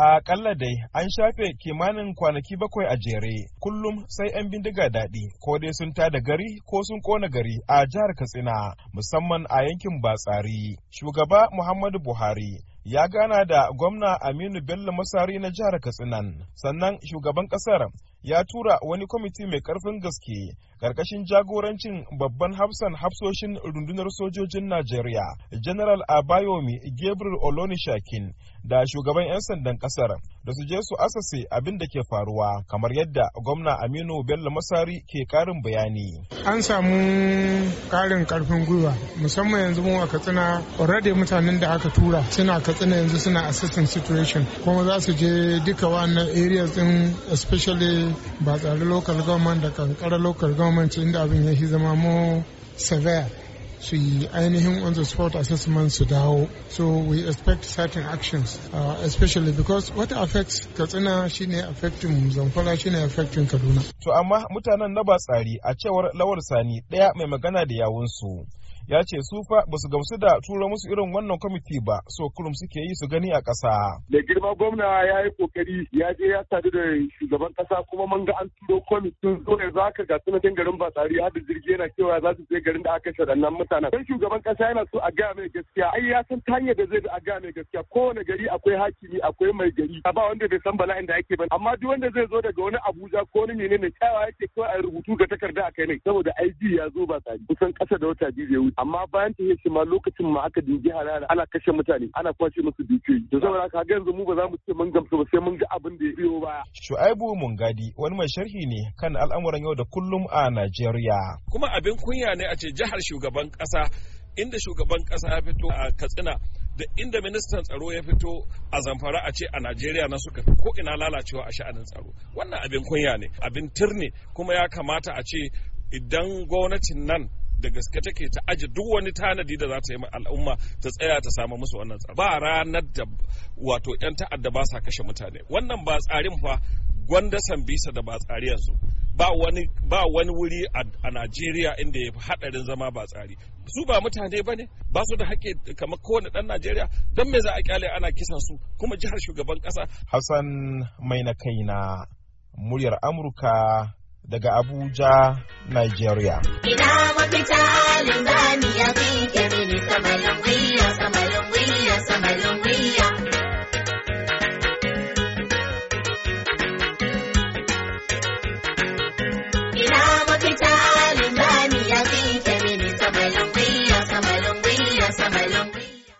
A kalla dai an shafe kimanin kwanaki bakwai a jere kullum sai 'yan bindiga daɗi ko dai sun tada gari ko sun kona gari a jihar Katsina musamman a yankin Batsari. Shugaba Muhammadu Buhari ya gana da gwamna Aminu Bello Masari na jihar Katsinan sannan shugaban ƙasar ya tura wani kwamiti mai karfin gaske karkashin jagorancin babban hafsan hafsoshin rundunar sojojin najeriya general abayomi gabriel olonishakin da shugaban 'yan sandan kasar da su je su asase abin da ke faruwa kamar yadda gwamna aminu bello masari ke karin bayani an samu karin karfin gwiwa musamman yanzu mun katsina already mutanen da aka tura suna katsina yanzu suna assistant situation kuma za su je duka wannan areas din especially ba tsari local government da kankara local government inda abin ya zama mo severe su yi ainihin on the spot assessment su dawo so we expect certain actions uh, especially because what affects katsina shine affecting zamfara shine affecting kaduna to amma mutanen na ba tsari a cewar lawar sani daya mai magana da yawunsu ya ce su fa ba su gamsu da tura musu irin wannan kwamiti ba so kurum suke yi su gani a ƙasa. Da girma gwamna ya yi kokari ya je ya sadu da shugaban ƙasa kuma mun ga an turo kwamitin so Za ka ga sanadin garin Batsari har da jirgi yana cewa za su je garin da aka shaɗannan mutanen. Sai shugaban ƙasa yana so a gaya mai gaskiya ai ya san ta hanyar da zai bi a gaya mai gaskiya kowane gari akwai hakimi akwai mai gari ba wanda bai san bala'in da ake ba amma duk wanda zai zo daga wani Abuja ko wani menene kyawa yake kawai a rubutu ga takarda a kai ne saboda IG ya zo ba tsari kusan ƙasa da wata biyu zai wuce. amma bayan ta yi ma lokacin ma aka dingi harara ana kashe mutane ana kwashe musu dukiyoyi to saboda haka ga yanzu mu ba za mu ce mun gamsu ba sai mun ga abin da ya biyo baya Shu'aibu Mungadi wani mai sharhi ne kan al'amuran yau da kullum a Najeriya kuma abin kunya ne a ce jihar shugaban kasa inda shugaban kasa ya fito a Katsina da inda ministan tsaro ya fito a zamfara a ce a najeriya na suka fi ko ina lalacewa a sha'anin tsaro wannan abin kunya ne abin tirne kuma ya kamata a ce idan gwamnatin nan da gaske take ta aji duk wani tanadi da za ta yi al'umma ta tsaya ta samu musu wannan tsari. ba ranar da wato 'yan ta'adda ba sa kashe mutane wannan ba tsarin fa gwanda sambisa da ba tsari yanzu ba wani wuri a Najeriya inda ya fi hadarin zama ba tsari su ba mutane bane ba su da haƙƙi kamar kowane dan Najeriya don me za a kyale ana kisan su kuma jihar shugaban kasa. Hassan mai na kaina muryar Amurka daga Abuja, Nigeria. Ina mafita linzami ya fi